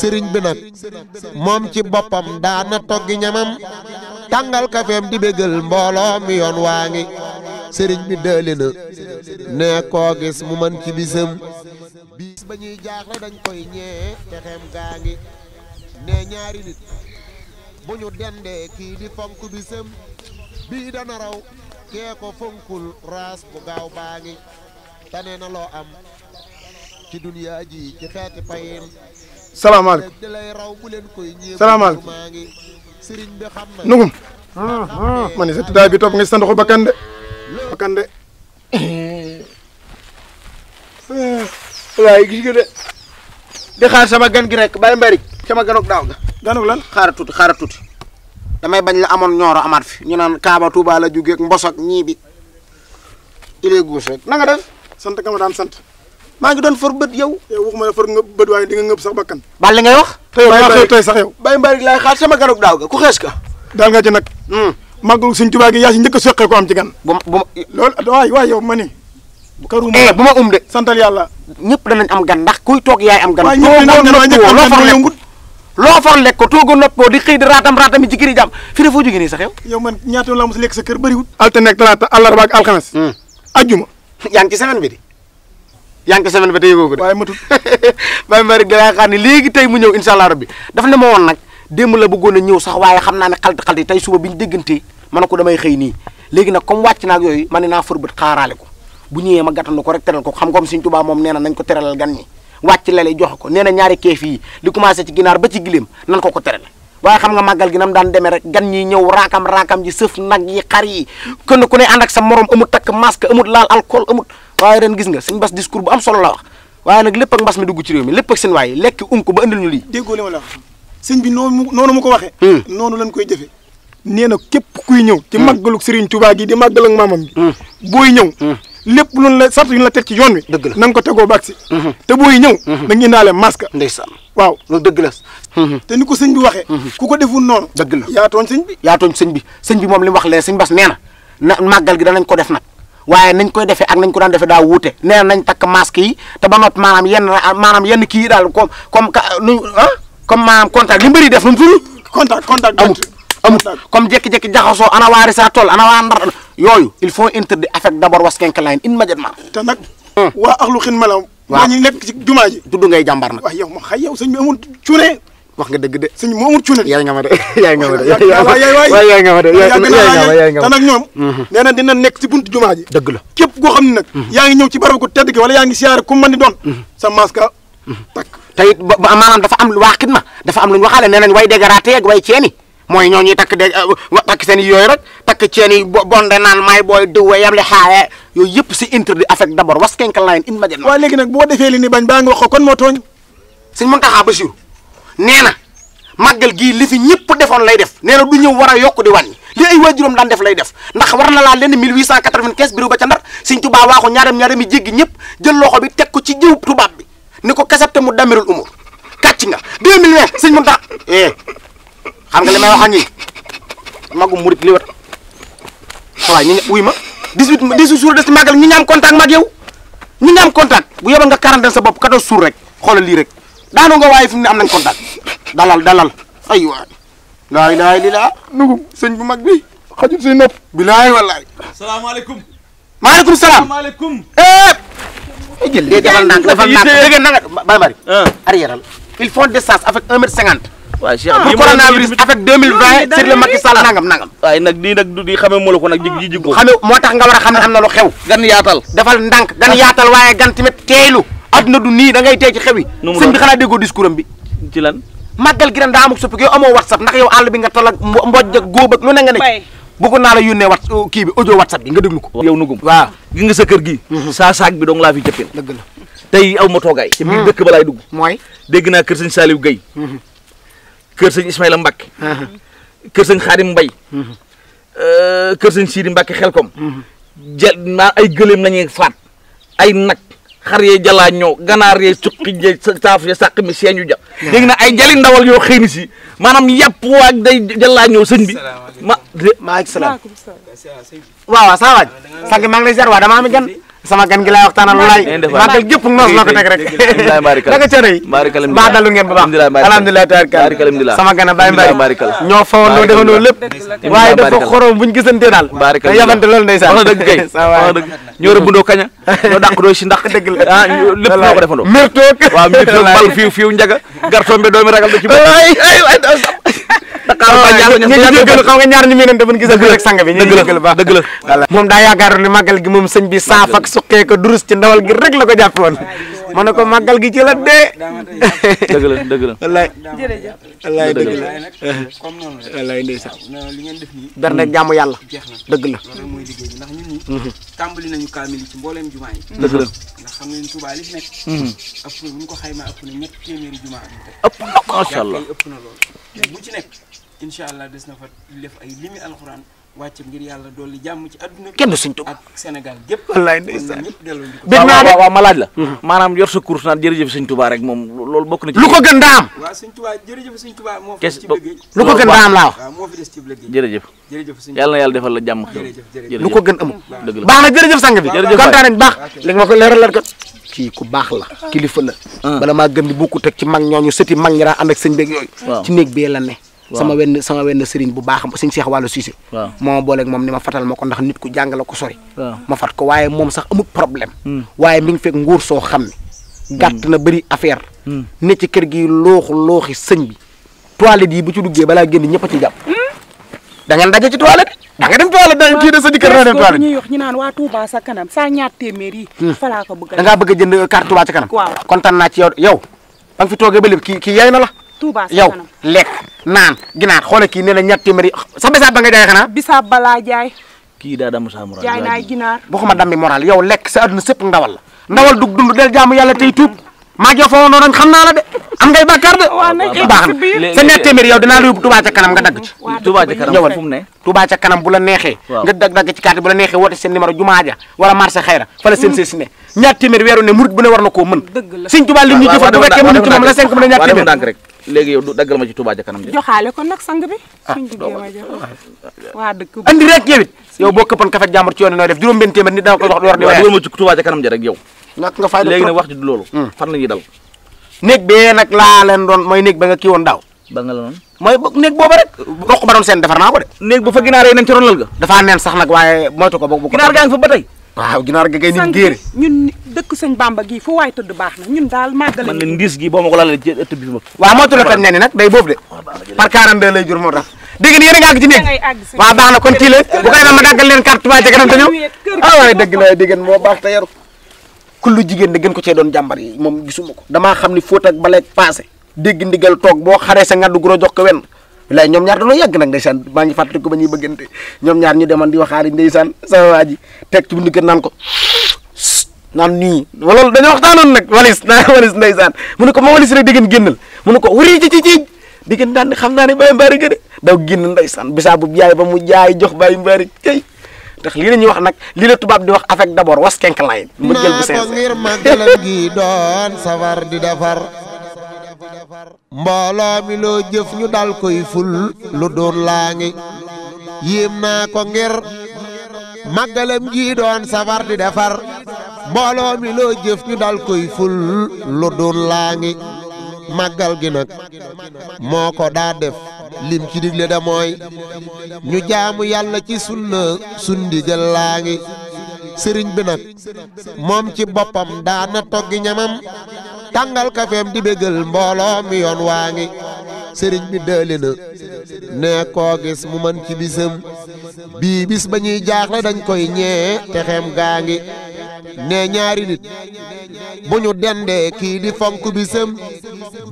sëriñ bi nag moom ci boppam daana toggi ñamam tàngal kafeem di bégal mbooloo mi yoon waa ngi sëriñ bi dëli na ne koo gis mu man ci bisam bis ba ñuy jaaxle dañ koy ñee te gaa ngi ne ñaari nit bu ñu dendee kii di fonk bisam bii dana raw kee ko fonkul raas bu gaaw baa ngi tane na loo am ci duniyaa ji ci xeeti payin salaamaaleykum salaamaaleykum nugum ah, ah. ma ne sa tiddaay bi topp nga si sa ndoxu bakkan de bakkan de wallaay gis nga de di xaar sama gan gi rek bàyyi mbarik sama ganok daaw ga ganok lan xaara tuuti xaara tuuti damay bañ la amoon ñooro amaat fi ñu naan Kaaba Touba la jógeeg mbos ak ñii rek na nga def sant ka daan sant maa ngi doon for bët yow. yow waxuma la for nga bët waaye di ngëb sax bakkan. bal li ngay wax. tey sax yow. Baye Mbary laay xaar sama ganug daaw ga ku xees ka. daal nga ci nag. Hmm. màggalu suñ tubaab gi a soqee ko am ci gan. bu ma bu ma loolu waay yow ma ni. Eh, bu ma um de. santal yàlla. ñëpp danañ am gan kuy toog yaay am gan. waaye ñëpp dinañ am gan loo for lekk loo for noppoo di xëy di raatam raatam yi ci kër foo jógee nii sax yow. yow man ñaata laa mos lekk sa kër bëriwul. Hmm. altine ak talaata àllarba ak alxames. Hmm. ajjuma yaa bi di yaa ngi ko semaine ba te yëgoo ko de waaye matul Baye Malick da xaar ni léegi tey mu ñëw incha allah rabbi daf ne ma woon nag démb la bëggoon a ñëw sax waaye xam naa ne xalti xalti tey suba bi ñu déggante ma ko damay xëy nii léegi nag comme wàcc naag yooyu ma ne naa fërbët xaaraale ko bu ñëwee ma gàttandu ko rek teral ko xam comme Sëñ Tuubaa moom nee na nañ ko teralal gan ñi wàcc lale joxe ko nee na ñaari keef yi li commencé ci ginaar ba ci giléem nan ko ko teral waaye xam nga màggal gi nam daan demee rek gan ñi ñëw raakam raakam ji sëf nag yi xar yi kenn ku ne ànd ak sa morom amut takk masque amut laal alcool amut waaye ren gis nga sëñ bas discours bu am solo la wax waaye nag lépp ak mbas mi dugg ci réew mi lépp ak seen waay lekk um ko ba indil ñu lii. déggoo li ma la bi noonu noonu ko waxee. Hmm. noonu lañ koy jëfee. nee na képp kuy ñëw. ci hmm. màggalu Serigne Touba gi di màggal ak maamam bi. Hmm. booy ñëw. lépp luñ la sart yuñ la teg ci yoon wi. dëgg la na ko tegoo baag si. te booy ñëw. da nga indaale masque. ndeysaan waaw loolu dëgg la. te ni ko sëñ bi waxe ku ko deful noonu. dëgg la yaatoon tooñ sëñ bi. yaa sëñ bi sëñ bi moom li wax lee sëñ bas nee na na màggal gi danañ ko def nag waaye nañ koy defee ak nañ ko daan defee daa wute nee nañ takk masque yi te ba not maanaam yenn maanaam yenn kii yi daal comme comme nu ah, comme maanaam contact li mbëri def nu mu tudd. contact contact amul amul comme jékki-jékki jaxasoo ana waa Rissa Toll ana waa Ndar yooyu il faut interdire affect d'abord waskenk line immédiatement. te nag. waa ak lu xin melaw. waaw ñu nekk ci jumaa ji. dudd ngay jàmbar nag. waaw yow ma xay yow sëñ bi amul wax nga dëgg de sëñ moomul cuune yaay nga ma de yaay waay yaay nga ma de yaay ñoom mhm. nee dina nekk ci bunt jumaa ji dëgg la képp koo xam ne nag mhm. yaa ngi ñëw ci barab ko tedd ki wala yaa ngi siyaare ku mën di doon mhm. sa masque takk te it dafa am waa xidma dafa am lu ñu waxaale nee nañ way dégaraate ak way ceeni mooy ñoo ñuy takk de euh, takk yooyu rek takk ceen yi bonde naan maay booy diwwe yam li xaaye yooyu yëpp si interdit affect d'abord was kenka layen in ma jël defee li ni nee na màggal gii li fi ñëpp defoon lay def nee na du ñëw war a yokk di ñi li ay waajuram daan def lay def ndax war na laa leen 1895 biru ba ca ndar Sëñ Tuubaa waaxu ñaarem ñaarem yi ñëpp jël loxo bi teg ko ci jëw tubaab bi ni ko kasabte mu damirul umur kàcc nga 2020 sëñ Muntaxa eh xam nga li may wax ak ñii magum murit li wat waaw ñu wuy ma 18 18 jours des ci màggal ñu ñaam contact ma ak yow ñu ñaam contact bu yebal nga quarantaine sa bopp 14 jours rek xoolal rek daanoo nga waaye fi mu ne am nañ contact dalal dalal ay waay laa ilaaha illallaah nugum sëñ bu mag bi xajul say nopp bilaay wallaay salaamaaleykum maaleykum salaam maaleykum eh! jël lii defal ndànk defal ndànk dégg na nga Baye Marie ah. ah. arrièreal il faut distance avec un mètre cinquante waaw Cheikh pour ah, coronavirus avec 2020 sur le Macky Sall nangam nangam waaye nag di di xamee mu ko nag ji ji jikko xamee moo tax nga war a xam ne am na lu xew gan yaatal defal ndànk gan yaatal waaye gan tamit teeylu adduna du nii da ngay tey ci xew yi sëñ bi xanaa déggoo discours ci lan màggal gi ren daa amuk soppi yow amoo whatsapp ndax yow àll bi nga tol ak mboj ak góob ak lu ne nga ne bëggoon naa la yónnee wat uh, kii bi audio whatsapp bi nga déglu ko yow nugum waaw gi nga sa kër gi mhm. saa saak bi dong laa fi jëppil dëgg la tey aw ma toogaay mhm. ci biir dugg mooy dégg naa kër sëñ Saliou Guèye mhm. kër sëñ Ismaïla Mbacke kër sëñ Xaadim Mbay euh, kër sëñ Sidi Mbacke xelkom jël maa ay gëléem lañuy faat ay nag xar yee jalaa ñëw ganaar yee suqi yee saaf yee sàq mi seeñu ja léegi na ay jali ndawal yoo xëy na si maanaam yàpp waag day jëllaa ñëw sëñ bi ma maaleykum salaam waaw waaw saa waaj ah, sànq maa ngi lay ziar waa dama am sama gan gi laay waxtaanal laay màggal gépp noos la ko teg rek da nga ca rëy mbaa dalu ngeen bu baax alhamdulilah tabarikal sama gan a Baye Mbaye ñoo fawandoo defandoo lépp waaye dafa xorom buñ gisantee daal te yabante loolu ndeysaan wax dëgg kay kaña ñoo dàq doo si ndax dëgg la ah lépp bal fiiw fiiw njaga gartombe doomi ragal da ci jéggalu xam nga ñaar la moom daa yaakaaroon ni màggal moom sëñ bi saaf ko durus ci ndawal la ko jàppoon ma ne ko màggal gi ci la dee. dëgg la dëgg la. wallaay jërëjëf. wallaay dëgg la wallaay ndeysaan. bernde jaamu yàlla. dëgg na mhm. tàmbali nañu kaamil ci mbooleem jumaa yi. dëgg la. ndax xam ngeen Tuubaa li fi nekk. Mhm. ëpp na bu ñu ko xaymaa ëpp na ñetti téeméeri jumaa. ëpp na macha allah ëpp na lool bu ci nekk. incha des na fa ay limi alxuraan wàcc ngir yàlla dolli jàmm ci adduna kenn du suñ tub ak Sénégal gépp wallaay ndeysaan bég naa la hmm. maanaam yor sa course naan jërëjëf suñ tubaa rek moom loolu bokk na ci lu ko gën daam waaw suñ tubaa jërëjëf suñ tubaa moo fi ko gën daam laa jërëjëf jërëjëf suñ yàlla na yàlla defal la jàmm lu ko gën amul dëgg la baax na jërëjëf sang bi kontaan nañ baax li nga ko leeralal ko kii ku baax la kilifa la ah. bala maa gën di bokkut ak ci mag ñooñu sëti mag ñi raa ànd ak sëñ beeg yooyu ci néeg bi la ne sama wenn sama wenn sëriñ bu baax sëñ Cheikh Wàllu Cissé waaw moo ma booleeg moom ni ma fatal ma ko ndax nit ku jàng la ko sori ma fat ko waaye moom sax amut problème hmm. waaye mi ngi fekk nguur soo xam ne hmm. gàtt na bëri affaire hmm. ne ci kër gi looxu looxi sëñ bi toilette yi bu ci duggee balaa génn ñëpp a ci jàpp da ngeen ci toilette da nga dem toilette da nga kii de sa dikkër wax ñu naan waa Touba sa kanam sa ñaar téeméer yi fa laa ko bëgg da ngaa bëgg a jënd carte Touba kontaan naa ci yow yow ba nga fi toogee ba lépp kii kii yaay la Touba yow lekk naan ginaar xoolal kii nee na ñetti téeméeri sa bisaab ba nga jaay xanaa. bisaab balaa jaay. kii daa damm sa moral jaay naa ginaar. boo xam ne dammi moral yow lekk sa àdduna sëpp ndawal la ndawal dug dund del jaamu yàlla tey tuub maa ngi fa woon xam naa de am ngay bàkkaar de. waaw baax na sa ñetti téeméer yow dinaa la yóbbu Touba ca kanam nga dagg ci. Touba ca bu la neexee. nga dag dagg ci bu la neexee woote seen numéro jumaa ja wala xayra fa la seen seen si ne ñaar téeméer weeru ne murit dëgg la Sëñ a ñaar léegi yow du daggal ma ci Touba ca kanam de. joxaale ko nag sang bi. Ah, suñu duggee ma jox waa dëkk andi rek yow it boo këppoon kafe jàmbur ci yoon nooy def juróom benn téeméer nit daa ko wax. waaw waaw dugal ma ci Touba ca kanam ja rek yow. nak nga fay léegi nag wax ji du loolu. Hmm. fan la ñuy dal. néeg bee nag laa leen doon ba nga kii daaw. ba nga la noonu. mooy néeg booba rek doq ba doon seen defar naa ko de. néeg bu fa ginaar yi lal ga. dafaa nen sax nag waaye moytu ko boog bu ko. ginaar gaa ngi fa ba tey. waaw ginaar ga kay nit dëkk sëñ Bamba gii fu waay tëdd baax na ñun daal màggal man ndiis gi ni nag day boobu de par 42 a ngi àgg ci na kon kii la bu ko defee ma daggal ah, gën ko cee doon jàmbar yi moom gisuma ko damaa xam ni fóot ak baleeg passé dégg toog boo xaree sa ngaddu guro jox ko wenn bilaay ñoom ñaar dañoo yàgg nag ndeysaan maa ngi fàttali ko ba ñuy bëggante ñoom ñaar ñu deman di waxaari ndeysaan sama waa ji teg ci bu ndigër naan ko naan nii loolu dañoo waxtaanoon nag walis naa walis mu ne ko ma di ngeen génnal mu ne ko wuri ci ci ci di xam naan ne bàyyi mbaari gën daw génn ndeysaan bisaab bu jaay ba mu jaay jox bàyyi mbaari tey tax lii la wax nag lii la tubaab di wax avec d'abord was kenk laay mu jël bu seen ngir màggalam di defar mbooloo mi loo jëf ñu dal koy lu doon laa ngi yéem naa ko ngir màggalam gi doon safar di defar mbooloo mi loo jëf ñu dal koy ful lu doon laa ngi màggal gi nag moo ko daa def lim ci digle da mooy ñu jaamu yàlla ci sunna sundi jël laa ngi sëriñ bi nag moom ci boppam daana toggi ñamam tàngal kafeem di bégal mbooloo mi yoon waa ngi sëriñ bi dëli na ne koo gis mu mën ci bisam bii bis ba ñuy jaaxle dañ koy ñee te gaa ngi ne ñaari nit bu ñu dendee kii di fonk bisam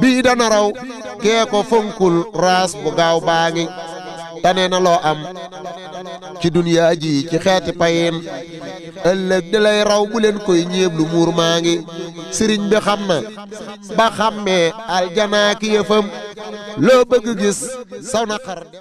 bii dana raw kee ko fonkul raas bu gaaw baa ngi tane na loo am ci duniyaa ji ci xeeti payin ëllëg di lay raw bu leen koy ñeeblu muur maa ngi sëriñ bi xam na ba xàmmee aljanaa ki yëfam loo bëgg gis saw